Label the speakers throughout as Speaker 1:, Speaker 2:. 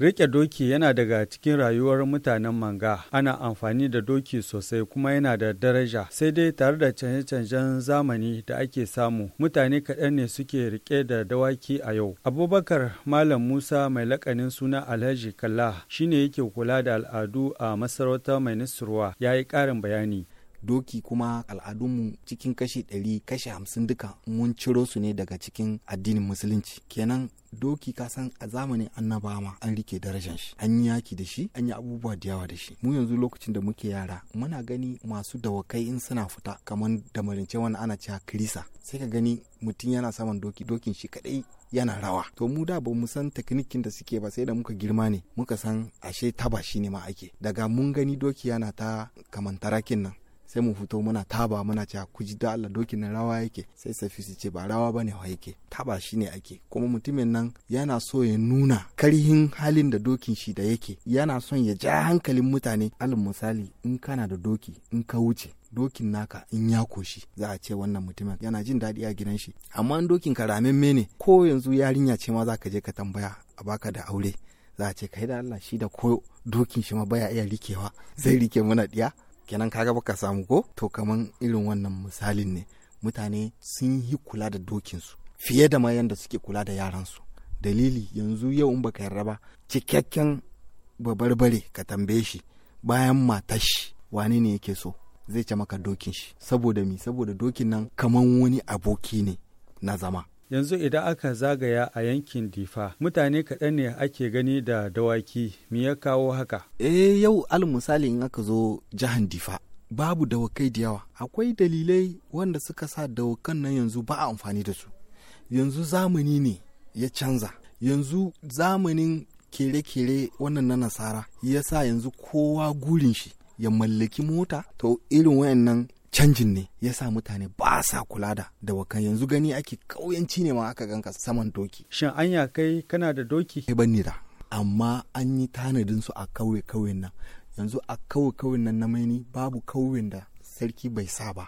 Speaker 1: Rike doki yana daga cikin rayuwar mutanen manga. Ana amfani da doki sosai kuma yana da daraja. Sai dai tare da canje-canjen zamani da ake samu, mutane kaɗan ne suke rike da dawaki a yau. Abubakar Malam Musa mai lakanin suna Alhaji Kalla shine yake kula da al'adu a masarautar mai nisruwa ya yi ƙarin bayani. doki
Speaker 2: kuma al'adunmu cikin kashi ɗari kashi hamsin duka
Speaker 1: mun ciro su
Speaker 2: ne daga cikin addinin musulunci kenan doki ka san a zamanin annabawa ma an rike darajar shi an yi yaki da shi an yi abubuwa da yawa da shi mu yanzu lokacin da muke yara muna gani masu dawakai in suna fita kamar da marince wani ana cewa kirisa sai ka gani mutum yana saman doki dokin shi kadai yana rawa to mu da ba mu san teknikin da suke ba sai da muka girma ne muka san ashe taba shi ne ma ake daga mun gani doki yana ta kamantarakin nan sai mu fito muna taba muna cewa ku ji da Allah dokin nan rawa yake sai safi su ce ba rawa bane wa yake taba shi ne ake kuma mutumin nan yana so ya nuna karhin halin da dokin shi da yake yana son ya ja hankalin mutane alal misali in kana da doki in ka wuce dokin naka in ya koshi za a ce wannan mutumin yana jin daɗi a gidan shi amma in dokin ka ramemme ne ko yanzu yarinya ce ma za ka je ka tambaya a baka da aure za a ce kai da Allah shi da ko dokin shi ma baya iya rikewa zai rike muna ɗiya. kenan kaga baka samu ko to kaman irin wannan misalin ne mutane sun yi kula da dokinsu fiye da ma yanda suke kula da yaransu dalili yanzu yau in baka yarda ba cikakken babarbare ka tambaye shi bayan matar shi wane ne yake so zai ce maka dokin shi saboda mi saboda dokin nan kaman wani aboki ne na
Speaker 1: zama Yanzu idan aka zagaya a yankin Difa, mutane kaɗan ne ake gani da dawaki, me ya kawo haka?
Speaker 2: Eh yau al misali in aka zo jihan Difa, babu dawakai da yawa. Akwai dalilai wanda suka sa dawakan nan yanzu ba a amfani da su. Yanzu zamani ne ya canza. Yanzu zamanin kere-kere wannan na nasara ya sa yanzu kowa gurin shi ya mallaki mota to irin wayannan canjin ne ya sa mutane ba sa kula da da dawakan yanzu gani ake kauyanci ne ma aka ganka saman doki shin anya kai kana da doki kai ban da amma an yi tanadin su a kauye kauyen nan yanzu a kauye kauyen nan na maini babu kauyen da sarki bai sa ba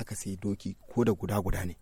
Speaker 2: aka sai doki ko da guda guda ne